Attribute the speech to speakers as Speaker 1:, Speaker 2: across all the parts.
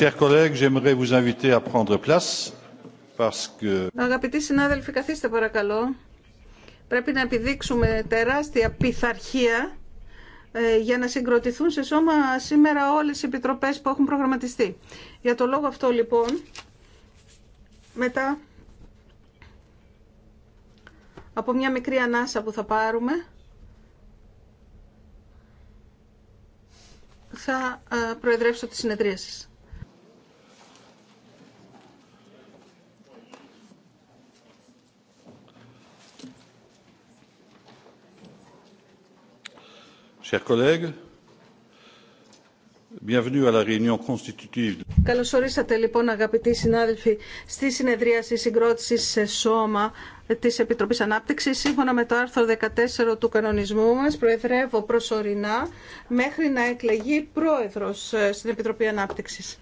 Speaker 1: Chers collègues, j'aimerais vous inviter à prendre place parce que...
Speaker 2: Αγαπητοί συνάδελφοι, καθίστε παρακαλώ. Πρέπει να επιδείξουμε τεράστια πειθαρχία ε, για να συγκροτηθούν σε σώμα σήμερα όλες οι επιτροπές που έχουν προγραμματιστεί. Για το λόγο αυτό λοιπόν, μετά από μια μικρή ανάσα που θα πάρουμε, θα ε, προεδρεύσω τη συνεδρία σας. Καλωσορίσατε λοιπόν αγαπητοί συνάδελφοι στη συνεδρίαση συγκρότηση σε σώμα της Επιτροπής Ανάπτυξης σύμφωνα με το άρθρο 14 του κανονισμού μας προεδρεύω προσωρινά μέχρι να εκλεγεί πρόεδρος ε, στην Επιτροπή Ανάπτυξης.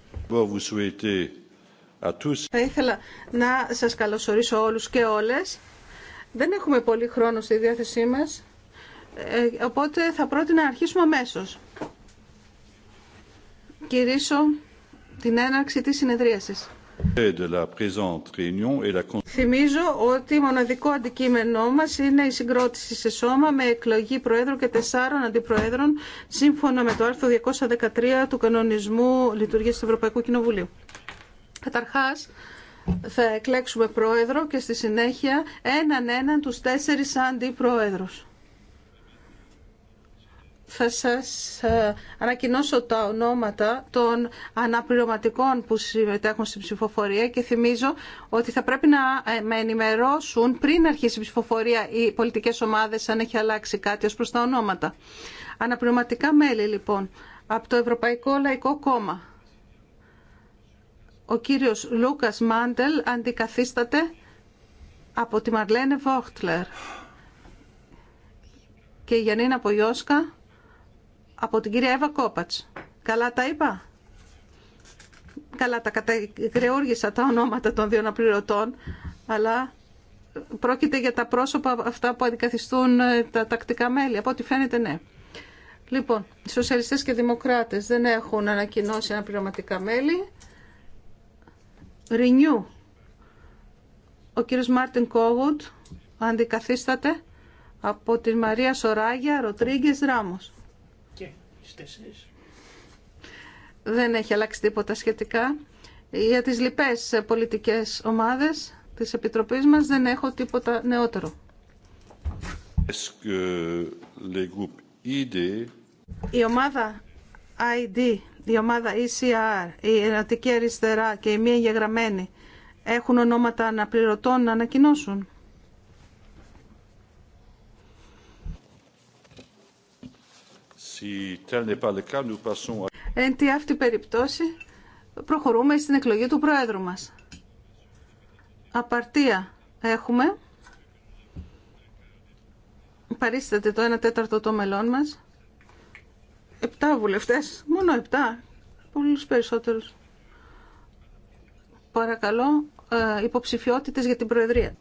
Speaker 2: Θα ήθελα να σας καλωσορίσω όλους και όλες. Δεν έχουμε πολύ χρόνο στη διάθεσή μας. Ε, οπότε θα πρότεινα να αρχίσουμε αμέσω. Κυρίσω την έναρξη της συνεδρίασης. Θυμίζω ότι μοναδικό αντικείμενό μας είναι η συγκρότηση σε σώμα με εκλογή Προέδρου και τεσσάρων αντιπροέδρων σύμφωνα με το άρθρο 213 του Κανονισμού Λειτουργίας του Ευρωπαϊκού Κοινοβουλίου. Καταρχάς, θα εκλέξουμε Πρόεδρο και στη συνέχεια έναν έναν τους τέσσερις αντιπροέδρους θα σας ε, ανακοινώσω τα ονόματα των αναπληρωματικών που συμμετέχουν στην ψηφοφορία και θυμίζω ότι θα πρέπει να ε, με ενημερώσουν πριν αρχίσει η ψηφοφορία οι πολιτικές ομάδες αν έχει αλλάξει κάτι ως προς τα ονόματα. Αναπληρωματικά μέλη λοιπόν από το Ευρωπαϊκό Λαϊκό Κόμμα. Ο κύριος Λούκας Μάντελ αντικαθίσταται από τη Μαρλένε Βόχτλερ και η Γιαννίνα Πογιώσκα από την κυρία Εύα Κόπατς. Καλά τα είπα. Καλά τα καταγρεώργησα τα ονόματα των δύο αναπληρωτών, αλλά πρόκειται για τα πρόσωπα αυτά που αντικαθιστούν ε, τα τακτικά μέλη. Από ό,τι φαίνεται, ναι. Λοιπόν, οι σοσιαλιστές και δημοκράτες δεν έχουν ανακοινώσει αναπληρωματικά μέλη. Ρινιού. Ο κύριος Μάρτιν Κόγουτ αντικαθίσταται από την Μαρία Σοράγια Ροτρίγκες Ράμος. Δεν έχει αλλάξει τίποτα σχετικά. Για τις λοιπές πολιτικές ομάδες της Επιτροπής μας δεν έχω τίποτα νεότερο. Η ομάδα ID, η ομάδα ECR, η Ενατική Αριστερά και η μία εγγεγραμμένη έχουν ονόματα αναπληρωτών να ανακοινώσουν. Εν τη αυτή περίπτωση, προχωρούμε στην εκλογή του Πρόεδρου μας. Απαρτία έχουμε. Παρίσταται το 1 τέταρτο των μελών μας. Επτά βουλευτές, μόνο επτά, πολλούς περισσότερους. Παρακαλώ, ε, υποψηφιότητες για την Προεδρία.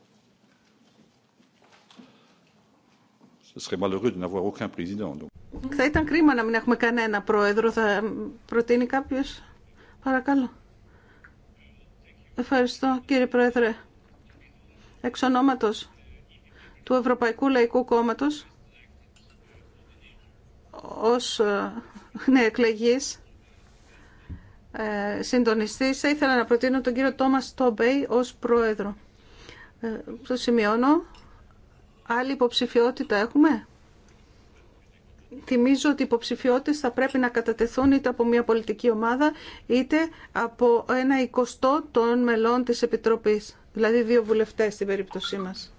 Speaker 2: Θα ήταν κρίμα να μην έχουμε κανένα πρόεδρο. Θα προτείνει κάποιο. Παρακαλώ. Ευχαριστώ κύριε Πρόεδρε. Εξ ονόματος του Ευρωπαϊκού Λαϊκού Κόμματος ως ε, νέα συντονιστή, ε, συντονιστής θα ήθελα να προτείνω τον κύριο Τόμας Τόμπεϊ ως πρόεδρο. Ε, το σημειώνω Άλλη υποψηφιότητα έχουμε. Θυμίζω ότι οι υποψηφιότητες θα πρέπει να κατατεθούν είτε από μια πολιτική ομάδα είτε από ένα εικοστό των μελών της Επιτροπής, δηλαδή δύο βουλευτές στην περίπτωσή μας.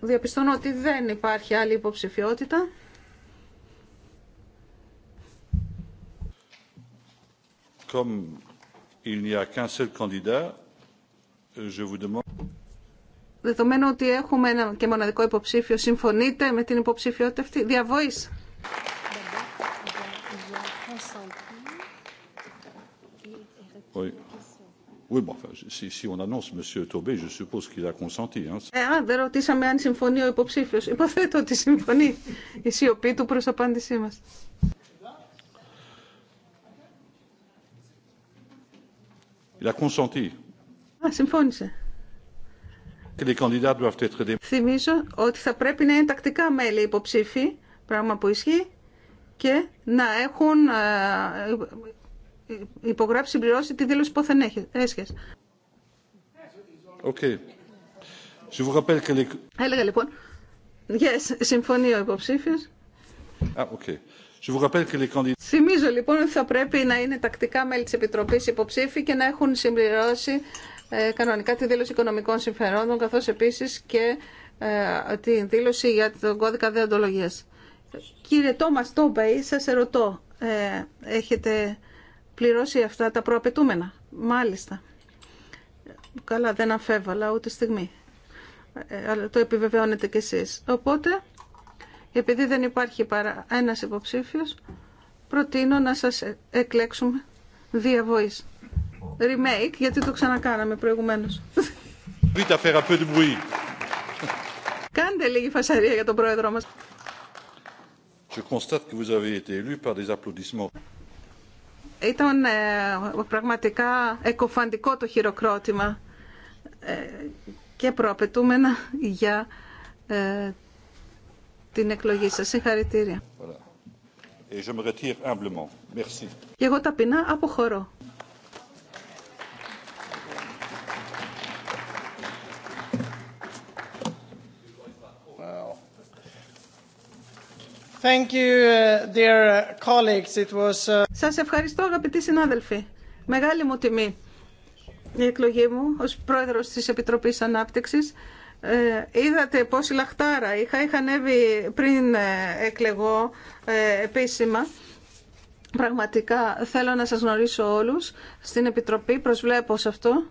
Speaker 2: Διαπιστώνω ότι δεν υπάρχει άλλη υποψηφιότητα.
Speaker 1: Comme il n'y
Speaker 2: δεδομένου ότι έχουμε ένα και μοναδικό υποψήφιο, συμφωνείτε με την υποψηφιότητα αυτή διαβοής. Εάν δεν ρωτήσαμε αν συμφωνεί ο υποψήφιος, υποθέτω ότι συμφωνεί η σιωπή του προς απάντησή μας. Il a Α, συμφώνησε. Θυμίζω ότι θα πρέπει να είναι τακτικά μέλη υποψήφοι, πράγμα που ισχύει, και να έχουν ε, υπογράψει, συμπληρώσει τη δήλωση που θα
Speaker 1: Okay. Je vous
Speaker 2: Έλεγα λοιπόν, yes, συμφωνεί ο υποψήφιος. Ah, Θυμίζω λοιπόν ότι θα πρέπει να είναι τακτικά μέλη της Επιτροπής υποψήφοι και να έχουν συμπληρώσει ε, κανονικά τη δήλωση οικονομικών συμφερόντων, καθώς επίσης και ε, τη δήλωση για τον κώδικα δεοντολογίας. Κύριε Τόμα Τόμπεϊ, σας ερωτώ, ε, έχετε πληρώσει αυτά τα προαπαιτούμενα. Μάλιστα. Καλά, δεν αφέβαλα ούτε στιγμή. αλλά το επιβεβαιώνετε κι εσείς. Οπότε, επειδή δεν υπάρχει παρά ένας υποψήφιος, προτείνω να σας εκλέξουμε διαβοής remake γιατί το ξανακάναμε προηγουμένως. Κάντε λίγη φασαρία για τον πρόεδρό μα.
Speaker 1: Je constate que vous avez été élu par des applaudissements.
Speaker 2: Ήταν ε, πραγματικά εκοφαντικό το χειροκρότημα ε, και προαπαιτούμενα για ε, την εκλογή σας. Συγχαρητήρια. Και εγώ ταπεινά αποχωρώ. Thank uh, uh, uh, Σας ευχαριστώ αγαπητοί συνάδελφοι. Μεγάλη μου τιμή η εκλογή μου ως πρόεδρος της Επιτροπής Ανάπτυξης. Ε, είδατε πόση λαχτάρα είχα. Είχα ανέβει πριν ε, εκλεγώ ε, επίσημα. Πραγματικά θέλω να σας γνωρίσω όλους στην Επιτροπή. Προσβλέπω σε αυτό.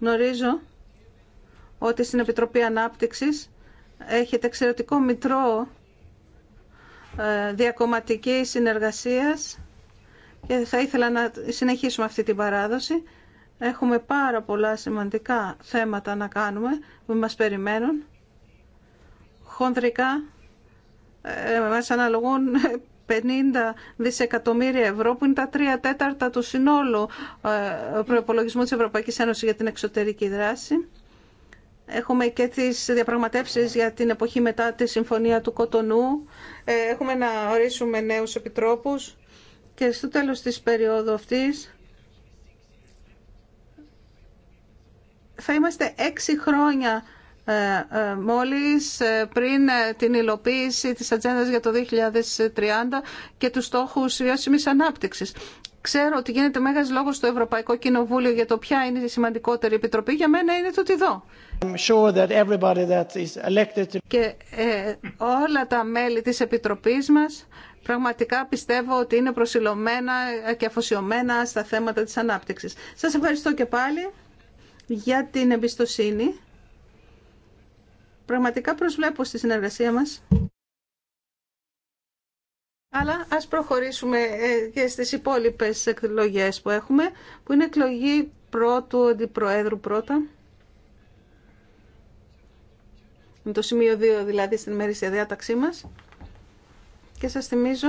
Speaker 2: Γνωρίζω ότι στην Επιτροπή Ανάπτυξης έχετε εξαιρετικό μητρό ε, διακομματική συνεργασίας και θα ήθελα να συνεχίσουμε αυτή την παράδοση. Έχουμε πάρα πολλά σημαντικά θέματα να κάνουμε που μας περιμένουν. Χονδρικά ε, μας αναλογούν 50 δισεκατομμύρια ευρώ που είναι τα τρία τέταρτα του συνόλου ε, προϋπολογισμού της Ευρωπαϊκής Ένωσης για την εξωτερική δράση. Έχουμε και τις διαπραγματεύσεις για την εποχή μετά τη Συμφωνία του Κοτονού. Ε, έχουμε να ορίσουμε νέους επιτρόπους. Και στο τέλος της περίοδου αυτής θα είμαστε έξι χρόνια ε, ε, μόλις πριν την υλοποίηση της Ατζέντας για το 2030 και τους στόχους βιώσιμης ανάπτυξης. Ξέρω ότι γίνεται μέγας λόγος στο Ευρωπαϊκό Κοινοβούλιο για το ποια είναι η σημαντικότερη επιτροπή. Για μένα είναι το ΤΙΔΟ. Sure elected Και ε, όλα τα μέλη της Επιτροπής μας πραγματικά πιστεύω ότι είναι προσιλωμένα και αφοσιωμένα στα θέματα της ανάπτυξης. Σας ευχαριστώ και πάλι για την εμπιστοσύνη. Πραγματικά προσβλέπω στη συνεργασία μας. Αλλά ας προχωρήσουμε ε, και στις υπόλοιπες εκλογές που έχουμε, που είναι εκλογή πρώτου αντιπροέδρου πρώτα. Με το σημείο 2 δηλαδή στην ημερήσια διάταξή μας. Και σας θυμίζω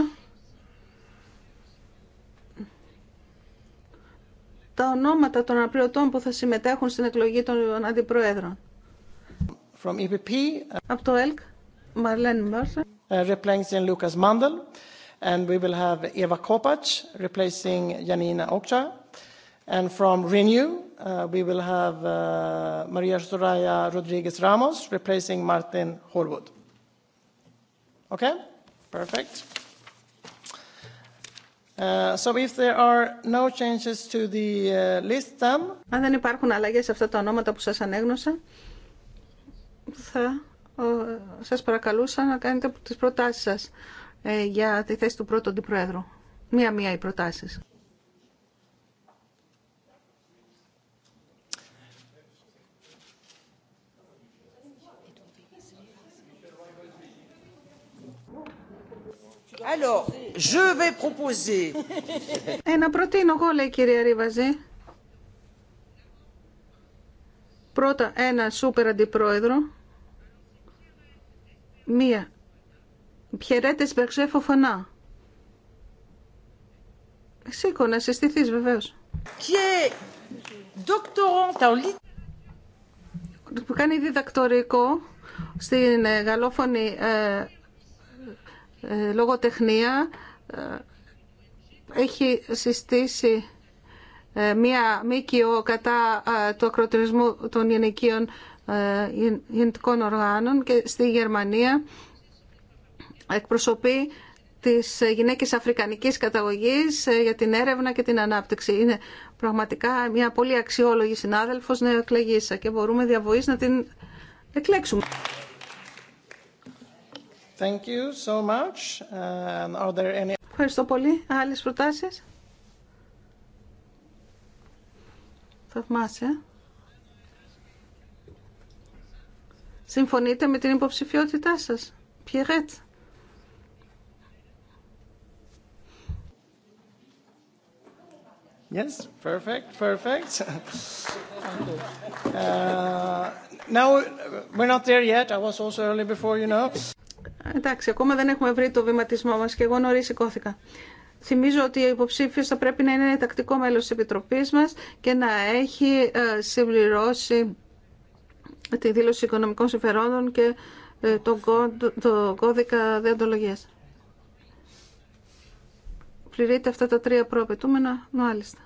Speaker 2: τα ονόματα των αναπληρωτών που θα συμμετέχουν στην εκλογή των αντιπροέδρων. From EPP,
Speaker 3: ε, Από το ΕΛΚ, Μαρλέν replacing Lucas Mandel. And we will have Eva Kopacz replacing Janina Okcha. And from Renew, we will have Maria Soraya Rodriguez Ramos replacing Martin Horwood. Okay? Perfect.
Speaker 2: So if there are no changes to the list, then... Αν δεν υπάρχουν αλλαγές σε αυτά τα ονόματα που σας ανέγνωσα, θα σας παρακαλούσα να κάνετε τις προτάσεις σας ε, για τη θέση του πρώτου αντιπρόεδρου. Μία-μία οι προτάσεις. Alors, ε, προτείνω εγώ, λέει η κυρία Ρίβαζη. Πρώτα ένα σούπερ αντιπρόεδρο. Μία. Πιερέτε Μπερξέ φωνα Σήκω να συστηθεί βεβαίω. Και ε, που κάνει διδακτορικό στην ε, γαλλόφωνη ε, λογοτεχνία έχει συστήσει μία μήκυο κατά του ακροτηρισμού των γενικείων ε, γεννητικών οργάνων και στη Γερμανία εκπροσωπεί τις γυναίκες αφρικανικής καταγωγής ε, για την έρευνα και την ανάπτυξη. Είναι πραγματικά μια πολύ αξιόλογη συνάδελφος νεοεκλεγήσα και μπορούμε διαβοής να την εκλέξουμε.
Speaker 3: Thank you so much. are there any...
Speaker 2: Ευχαριστώ πολύ. Άλλες προτάσεις. Θαυμάσια. Ε. Συμφωνείτε με την υποψηφιότητά σας. Πιερέτ.
Speaker 3: Yes, perfect, perfect. Uh,
Speaker 2: now we're not there yet. I was also early before, you know. Εντάξει, ακόμα δεν έχουμε βρει το βηματισμό μας και εγώ νωρίς σηκώθηκα. Θυμίζω ότι ο υποψήφιος θα πρέπει να είναι τακτικό μέλος της Επιτροπής μας και να έχει ε, συμπληρώσει τη δήλωση οικονομικών συμφερόντων και ε, το κώδικα διοντολογίας. Πληρείτε αυτά τα τρία προαπαιτούμενα, μάλιστα.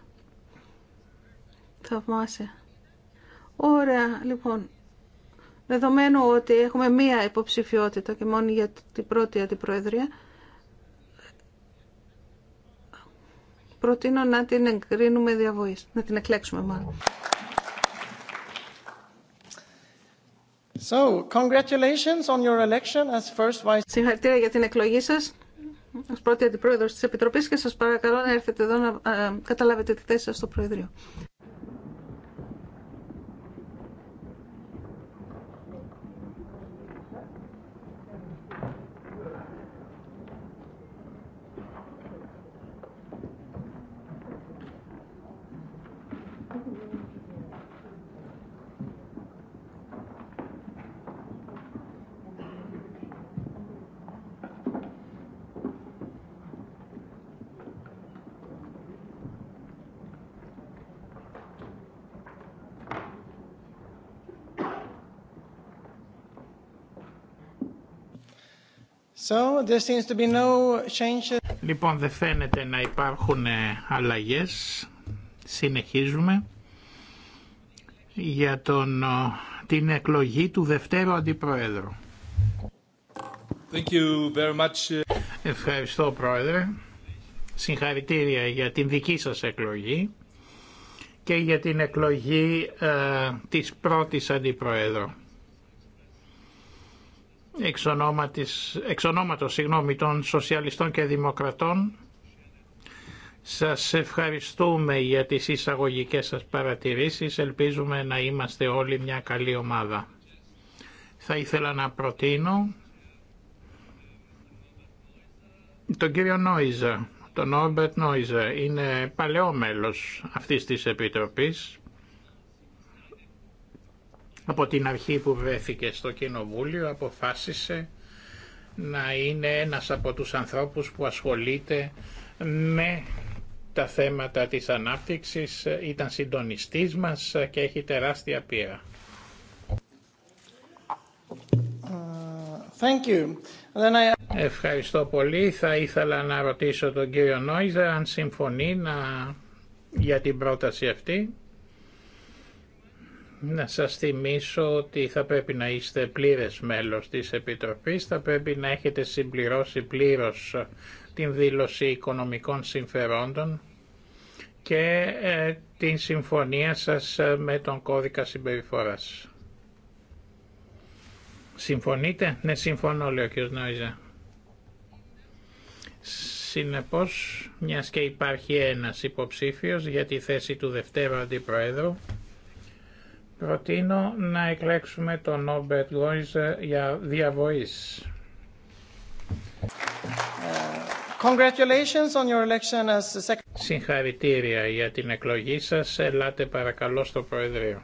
Speaker 2: Θαυμάσια. Ωραία, λοιπόν. Δεδομένου ότι έχουμε μία υποψηφιότητα και μόνο για την πρώτη αντιπροεδρία, προτείνω να την εγκρίνουμε διαβοής, να την εκλέξουμε μάλλον. Συγχαρητήρια για την εκλογή σας ως πρώτη αντιπρόεδρος της Επιτροπής και σας παρακαλώ να έρθετε εδώ να ε, καταλάβετε τη θέση σας στο Προεδρείο.
Speaker 3: So, there seems to
Speaker 4: Λοιπόν, δεν φαίνεται να υπάρχουν ε, αλλαγές. Συνεχίζουμε για τον, ε, την εκλογή του Δευτέρου Αντιπροέδρου. Thank you very much. Ε. Ευχαριστώ, Πρόεδρε. Συγχαρητήρια για την δική σας εκλογή και για την εκλογή της πρώτης Αντιπροέδρου εξ, ονόματος, συγγνώμη, των Σοσιαλιστών και Δημοκρατών σας ευχαριστούμε για τις εισαγωγικές σας παρατηρήσεις. Ελπίζουμε να είμαστε όλοι μια καλή ομάδα. Θα ήθελα να προτείνω τον κύριο Νόιζα, τον Όρμπερτ Νόιζα. Είναι παλαιό μέλος αυτής της Επιτροπής από την αρχή που βρέθηκε στο Κοινοβούλιο αποφάσισε να είναι ένας από τους ανθρώπους που ασχολείται με τα θέματα της ανάπτυξης, ήταν συντονιστής μας και έχει τεράστια πείρα. Thank you. Ευχαριστώ πολύ. Θα ήθελα να ρωτήσω τον κύριο Νόιζα αν συμφωνεί να... για την πρόταση αυτή. Να σας θυμίσω ότι θα πρέπει να είστε πλήρες μέλος της Επιτροπής, θα πρέπει να έχετε συμπληρώσει πλήρως την δήλωση οικονομικών συμφερόντων και ε, την συμφωνία σας ε, με τον κώδικα συμπεριφοράς. Συμφωνείτε? Ναι, συμφωνώ, λέει ο Νόιζα. Συνεπώς, μιας και υπάρχει ένας υποψήφιος για τη θέση του Δευτέρου Αντιπροέδρου, Προτείνω να εκλέξουμε τον Νόμπερτ Λόιζε για διαβοής. Ε, congratulations on your election as... Συγχαρητήρια για την εκλογή σας. Ελάτε παρακαλώ στο Προεδρείο.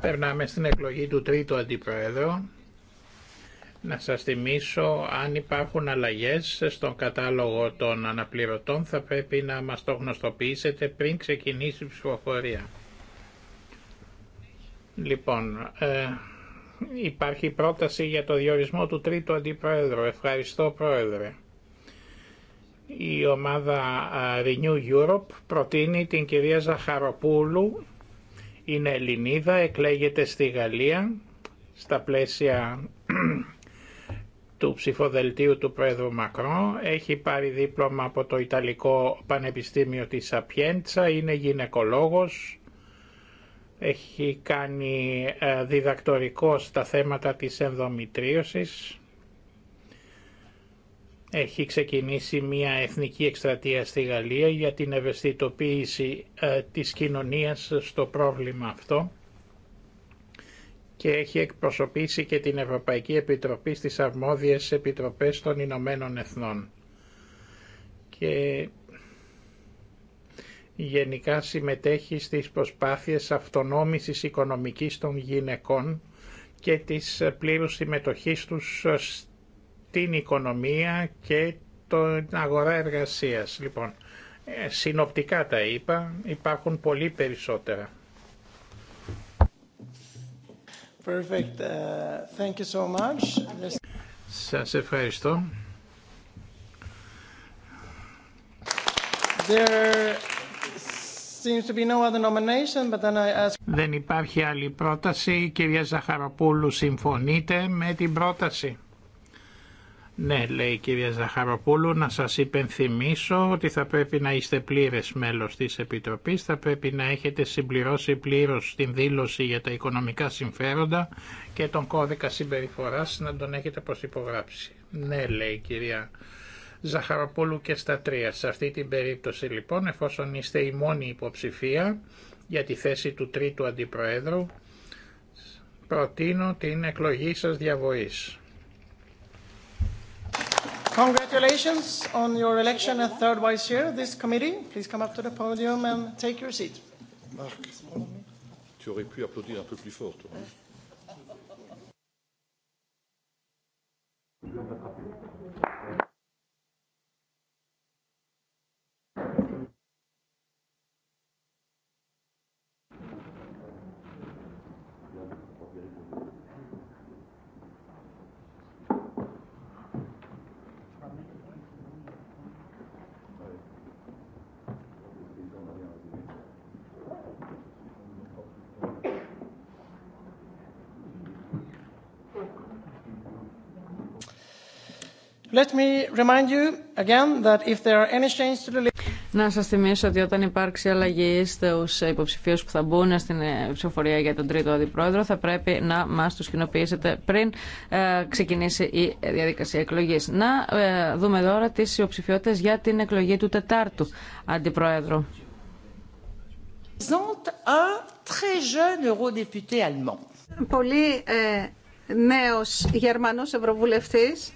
Speaker 4: Περνάμε στην εκλογή του τρίτου αντιπροέδρου. Να σας θυμίσω, αν υπάρχουν αλλαγές στον κατάλογο των αναπληρωτών, θα πρέπει να μας το γνωστοποιήσετε πριν ξεκινήσει η ψηφοφορία. Λοιπόν, ε, υπάρχει πρόταση για το διορισμό του τρίτου αντιπρόεδρου. Ευχαριστώ, Πρόεδρε. Η ομάδα Renew Europe προτείνει την κυρία Ζαχαροπούλου, είναι Ελληνίδα, εκλέγεται στη Γαλλία στα πλαίσια του ψηφοδελτίου του Πρόεδρου Μακρό. Έχει πάρει δίπλωμα από το Ιταλικό Πανεπιστήμιο της Σαπιέντσα, είναι γυναικολόγος, έχει κάνει διδακτορικό στα θέματα της ενδομητρίωσης έχει ξεκινήσει μια εθνική εκστρατεία στη Γαλλία για την ευαισθητοποίηση ε, της κοινωνίας στο πρόβλημα αυτό και έχει εκπροσωπήσει και την Ευρωπαϊκή Επιτροπή στις αρμόδιες επιτροπές των Ηνωμένων Εθνών. Και γενικά συμμετέχει στις προσπάθειες αυτονόμησης οικονομικής των γυναικών και της πλήρους συμμετοχής τους την οικονομία και την αγορά εργασίας. Λοιπόν, ε, συνοπτικά τα είπα, υπάρχουν πολύ περισσότερα. Perfect. Uh,
Speaker 3: thank you so much.
Speaker 4: Σας ευχαριστώ.
Speaker 3: There seems to be no
Speaker 4: other nomination, but then I ask... Δεν υπάρχει άλλη πρόταση. Η κυρία Ζαχαροπούλου, συμφωνείτε με την πρόταση. Ναι, λέει η κυρία Ζαχαροπούλου, να σας υπενθυμίσω ότι θα πρέπει να είστε πλήρες μέλος της Επιτροπής, θα πρέπει να έχετε συμπληρώσει πλήρως την δήλωση για τα οικονομικά συμφέροντα και τον κώδικα συμπεριφοράς να τον έχετε προσυπογράψει. Ναι, λέει η κυρία Ζαχαροπούλου και στα τρία. Σε αυτή την περίπτωση λοιπόν, εφόσον είστε η μόνη υποψηφία για τη θέση του τρίτου αντιπροέδρου, προτείνω την εκλογή σας διαβοής.
Speaker 3: Congratulations on your election as third vice chair of this committee. Please come up to the podium and take your seat. Να σας θυμίσω ότι όταν υπάρξει αλλαγή στους
Speaker 5: υποψηφίους που θα μπουν στην ε, ψηφοφορία για τον τρίτο αντιπρόεδρο θα πρέπει να μας τους κοινοποιήσετε πριν ε, ξεκινήσει η διαδικασία εκλογής. Να ε, δούμε τώρα τις υποψηφιότητες για την εκλογή του τετάρτου αντιπρόεδρου.
Speaker 2: Πολύ ε, νέος Γερμανός Ευρωβουλευτής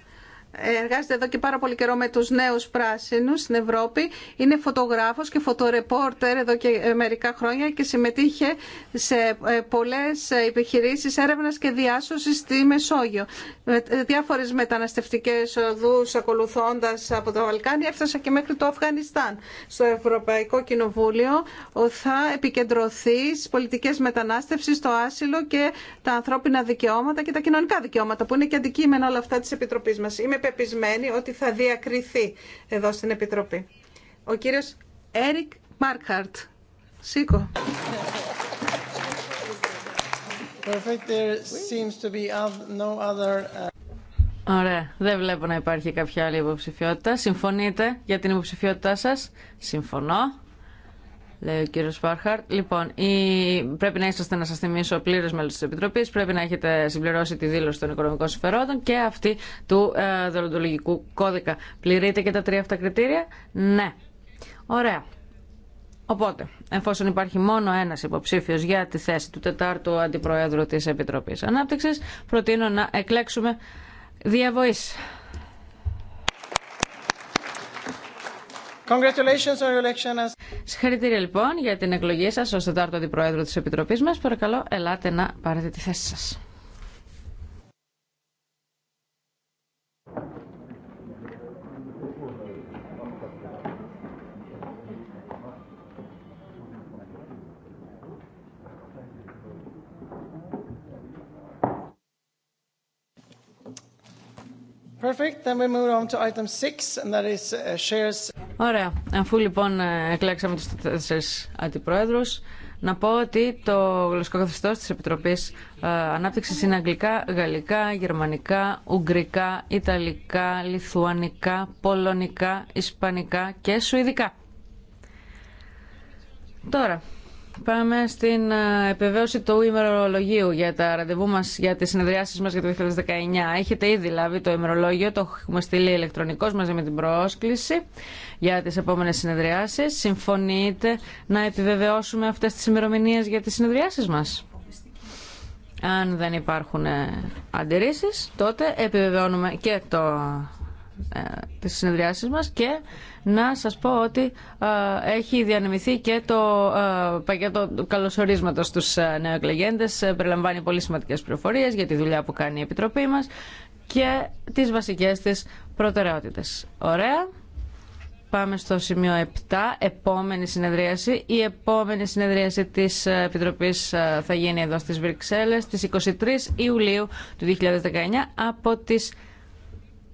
Speaker 2: εργάζεται εδώ και πάρα πολύ καιρό με τους νέους πράσινους στην Ευρώπη. Είναι φωτογράφος και φωτορεπόρτερ εδώ και ε, μερικά χρόνια και συμμετείχε σε ε, πολλές ε, επιχειρήσεις έρευνας και διάσωσης στη Μεσόγειο. Με διάφορες μεταναστευτικές οδούς ακολουθώντας από το Βαλκάνι έφτασα και μέχρι το Αφγανιστάν. Στο Ευρωπαϊκό Κοινοβούλιο θα επικεντρωθεί στις πολιτικές μετανάστευσης, το άσυλο και τα ανθρώπινα δικαιώματα και τα κοινωνικά δικαιώματα που είναι και αντικείμενα όλα αυτά της Επιτροπής μας πεπισμένη ότι θα διακριθεί εδώ στην Επιτροπή. Ο κύριος Έρικ Μάρκαρτ. Σήκω. Uh,
Speaker 5: Ωραία. Δεν βλέπω να υπάρχει κάποια άλλη υποψηφιότητα. Συμφωνείτε για την υποψηφιότητά σας. Συμφωνώ λέει ο κύριο Φάρχαρτ. Λοιπόν, η... πρέπει να είσαστε, να σα θυμίσω, πλήρω μέλο τη Επιτροπή. Πρέπει να έχετε συμπληρώσει τη δήλωση των οικονομικών συμφερόντων και αυτή του ε, κώδικα. Πληρείτε και τα τρία αυτά κριτήρια. Ναι. Ωραία. Οπότε, εφόσον υπάρχει μόνο ένα υποψήφιο για τη θέση του τετάρτου αντιπροέδρου τη Επιτροπή Ανάπτυξη, προτείνω να εκλέξουμε διαβοή. Congratulations Συγχαρητήρια λοιπόν για την εκλογή σας ως τετάρτο αντιπρόεδρο της Επιτροπής μας. Παρακαλώ, ελάτε να πάρετε τη θέση σας. Ωραία. Αφού λοιπόν ε, εκλέξαμε τους τέσσερις αντιπρόεδρους, να πω ότι το γλωσσικό καθεστώ της Επιτροπής ε, Ανάπτυξης είναι αγγλικά, γαλλικά, γερμανικά, ουγγρικά, ιταλικά, λιθουανικά, πολωνικά, ισπανικά και σουηδικά. Τώρα, Πάμε στην ε, επιβεβαίωση του ημερολογίου για τα ραντεβού μα για τις συνεδριάσεις μας για το 2019. Έχετε ήδη λάβει το ημερολόγιο, το έχουμε στείλει ηλεκτρονικός μαζί με την πρόσκληση για τις επόμενες συνεδριάσεις. Συμφωνείτε να επιβεβαιώσουμε αυτές τις ημερομηνίε για τις συνεδριάσεις μας. Αν δεν υπάρχουν ε, αντιρρήσεις, τότε επιβεβαιώνουμε και το, ε, τις συνεδριάσεις μας και να σας πω ότι ε, έχει διανεμηθεί και το ε, πακέτο καλωσορίσματος στους ε, νεοεκλεγέντες. Περιλαμβάνει πολύ σημαντικές πληροφορίες για τη δουλειά που κάνει η Επιτροπή μας και τις βασικές της προτεραιότητες. Ωραία. Πάμε στο σημείο 7, επόμενη συνεδρίαση. Η επόμενη συνεδρίαση της Επιτροπής θα γίνει εδώ στις Βρυξέλλες, στις 23 Ιουλίου του 2019 από τις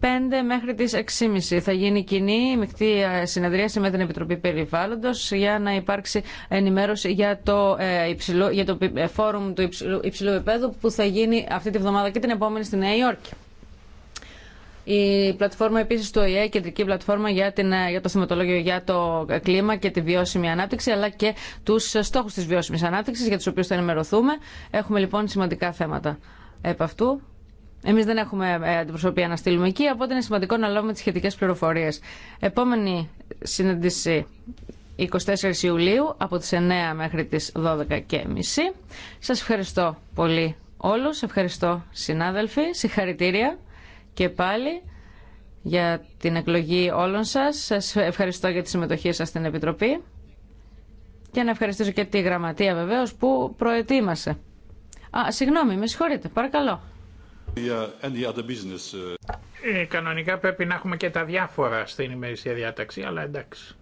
Speaker 5: 5 μέχρι τις 6.30 θα γίνει κοινή μεικτή ε, συνεδρίαση με την Επιτροπή Περιβάλλοντος για να υπάρξει ενημέρωση για το, ε, υψηλό, για το ε, φόρουμ του υψηλού, υψηλού επίπεδου που θα γίνει αυτή τη βδομάδα και την επόμενη στη Νέα Υόρκη. Η πλατφόρμα επίση του ΟΗΕ, η κεντρική πλατφόρμα για, την, για το θεματολόγιο για το κλίμα και τη βιώσιμη ανάπτυξη, αλλά και του στόχου τη βιώσιμη ανάπτυξη, για του οποίου θα ενημερωθούμε. Έχουμε λοιπόν σημαντικά θέματα επ' αυτού. Εμεί δεν έχουμε ε, αντιπροσωπεία να στείλουμε εκεί, οπότε είναι σημαντικό να λάβουμε τι σχετικέ πληροφορίε. Επόμενη συνάντηση 24 Ιουλίου από τις 9 μέχρι τις 12.30 και Σας ευχαριστώ πολύ όλους, ευχαριστώ συνάδελφοι, συγχαρητήρια και πάλι για την εκλογή όλων σας. Σας ευχαριστώ για τη συμμετοχή σας στην Επιτροπή και να ευχαριστήσω και τη Γραμματεία βεβαίως που προετοίμασε. Α, συγγνώμη, με συγχωρείτε, παρακαλώ.
Speaker 4: Ε, κανονικά πρέπει να έχουμε και τα διάφορα στην ημερήσια διάταξη, αλλά εντάξει.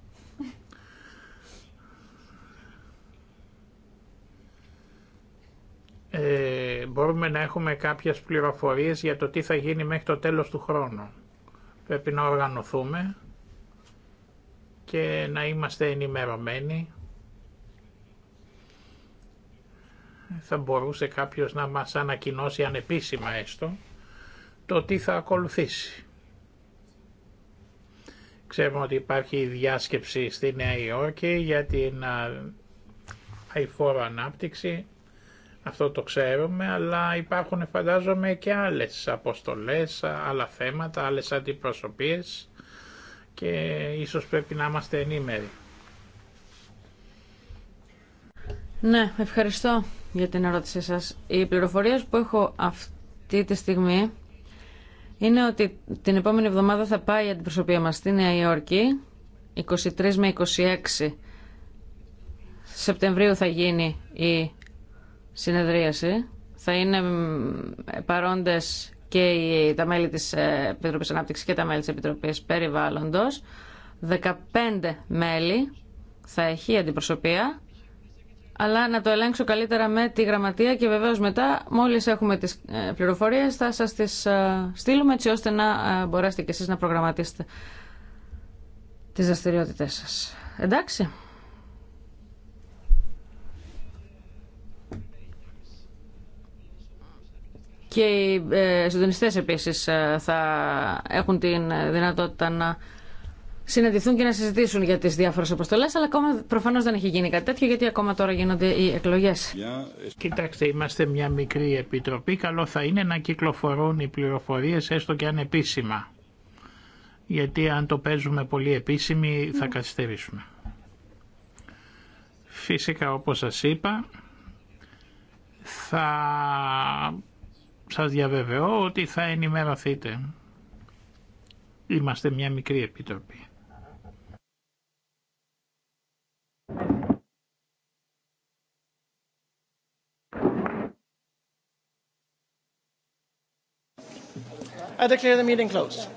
Speaker 4: Ε, μπορούμε να έχουμε κάποιες πληροφορίες για το τι θα γίνει μέχρι το τέλος του χρόνου. Πρέπει να οργανωθούμε και να είμαστε ενημερωμένοι θα μπορούσε κάποιος να μας ανακοινώσει ανεπίσημα έστω το τι θα ακολουθήσει. Ξέρουμε ότι υπάρχει διάσκεψη στη Νέα Υόρκη για την αηφόρο ανάπτυξη, αυτό το ξέρουμε, αλλά υπάρχουν φαντάζομαι και άλλες αποστολές, άλλα θέματα, άλλες αντιπροσωπείες και ίσως πρέπει να είμαστε ενήμεροι.
Speaker 5: Ναι, ευχαριστώ για την ερώτησή σας. Οι πληροφορίες που έχω αυτή τη στιγμή είναι ότι την επόμενη εβδομάδα θα πάει η αντιπροσωπεία μας στη Νέα Υόρκη, 23 με 26 Σεπτεμβρίου θα γίνει η συνεδρίαση. Θα είναι παρόντες και τα μέλη της ε, Επιτροπής Ανάπτυξης και τα μέλη της Επιτροπής Περιβάλλοντος. 15 μέλη θα έχει η αντιπροσωπεία αλλά να το ελέγξω καλύτερα με τη γραμματεία και βεβαίως μετά μόλις έχουμε τις ε, πληροφορίες θα σας τις ε, στείλουμε έτσι ώστε να ε, μπορέσετε κι εσείς να προγραμματίσετε τις δραστηριότητε σας. Εντάξει. Και οι συντονιστές επίσης θα έχουν την δυνατότητα να συναντηθούν και να συζητήσουν για τις διάφορες αποστολές, αλλά ακόμα προφανώς δεν έχει γίνει κάτι τέτοιο, γιατί ακόμα τώρα γίνονται
Speaker 4: οι εκλογές. Κοιτάξτε, είμαστε μια μικρή επιτροπή. Καλό θα είναι να κυκλοφορούν οι πληροφορίες, έστω και αν επίσημα. Γιατί αν το παίζουμε πολύ επίσημη, θα ναι. καθυστερήσουμε. Φυσικά, όπως σας είπα, θα σας διαβεβαιώ ότι θα ενημερωθείτε. Είμαστε μια μικρή επιτροπή.
Speaker 3: I declare the meeting closed.